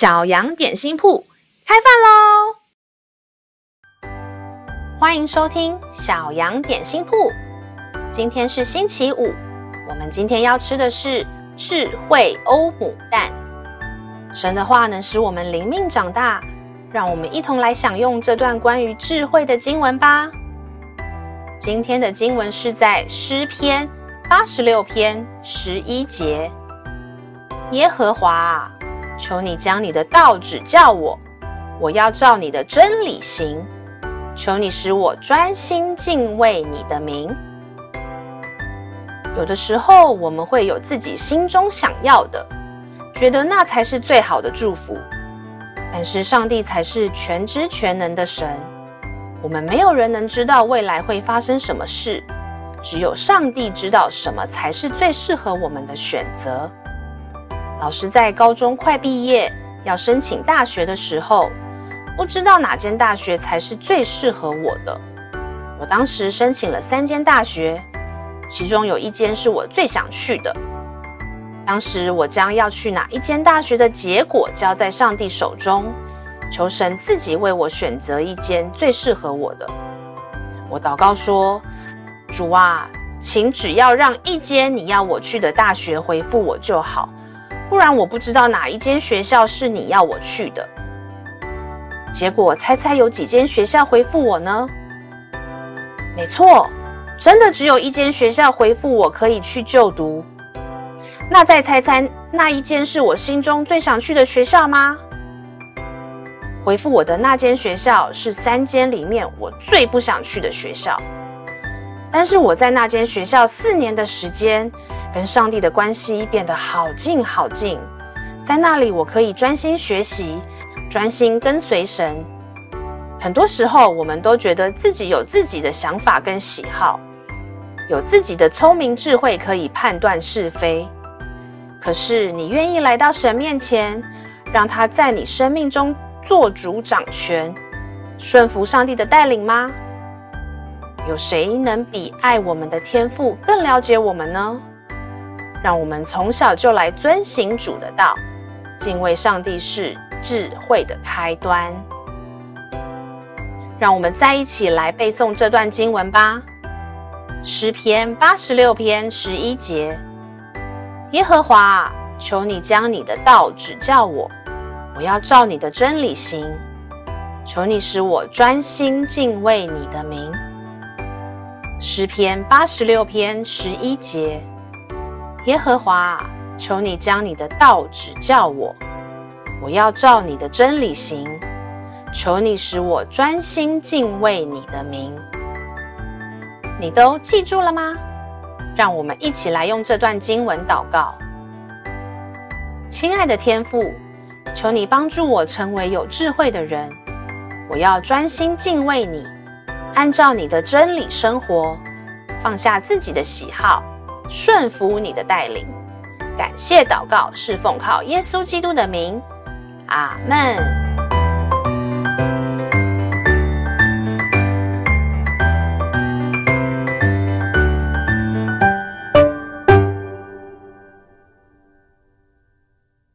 小羊點心鋪開飯嘍！歡迎收聽小羊點心鋪。今天是星期五，我們今天要吃的是智慧歐姆蛋。神的話能使我們靈命長大，讓我們一同來享用這段關於智慧的經文吧。今天的經文是在詩篇八十六篇十一節：耶和華。求你將你的道指教我，我要照你的真理行。求你使我專心敬畏你的名。有的時候，我們會有自己心中想要的，覺得那才是最好的祝福。但是，上帝才是全知全能的神，我們沒有人能知道未來會發生什麼事，只有上帝知道什麼才是最適合我們的選擇。老師在高中快畢業要申請大學的時候，不知道哪間大學才是最適合我的。我當時申請了三間大學，其中有一間是我最想去的。當時我將要去哪一間大學的結果交在上帝手中，求神自己為我選擇一間最適合我的。我禱告說：“主啊，請只要讓一間你要我去的大學回復我就好。”不然我不知道哪一間學校是你要我去的。結果猜猜有幾間學校回復我呢？沒錯，真的只有一間學校回復我可以去就讀。那再猜猜那一間是我心中最想去的學校嗎？回復我的那間學校是三間裡面我最不想去的學校。但是我在那間學校四年的時間，跟上帝的關係變得好近好近。在那裡，我可以專心學習，專心跟隨神。很多時候，我們都覺得自己有自己的想法跟喜好，有自己的聰明智慧可以判斷是非。可是，你願意來到神面前，讓他在你生命中做主掌權，順服上帝的帶領嗎？有誰能比愛我們的天父更了解我們呢？讓我們從小就來遵行主的道，敬畏上帝是智慧的開端。讓我們再一起來背誦這段經文吧。詩篇八十六篇十一節：耶和華，求你將你的道指教我，我要照你的真理行。求你使我專心敬畏你的名。詩篇八十六篇十一節：耶和華，求你將你的道指教我，我要照你的真理行。求你使我專心敬畏你的名。你都記住了嗎？讓我們一起來用這段經文禱告。親愛的天父，求你幫助我成為有智慧的人，我要專心敬畏你。按照你的真理生活，放下自己的喜好，順服你的帶領，感謝禱告，是奉靠耶穌基督的名，阿門。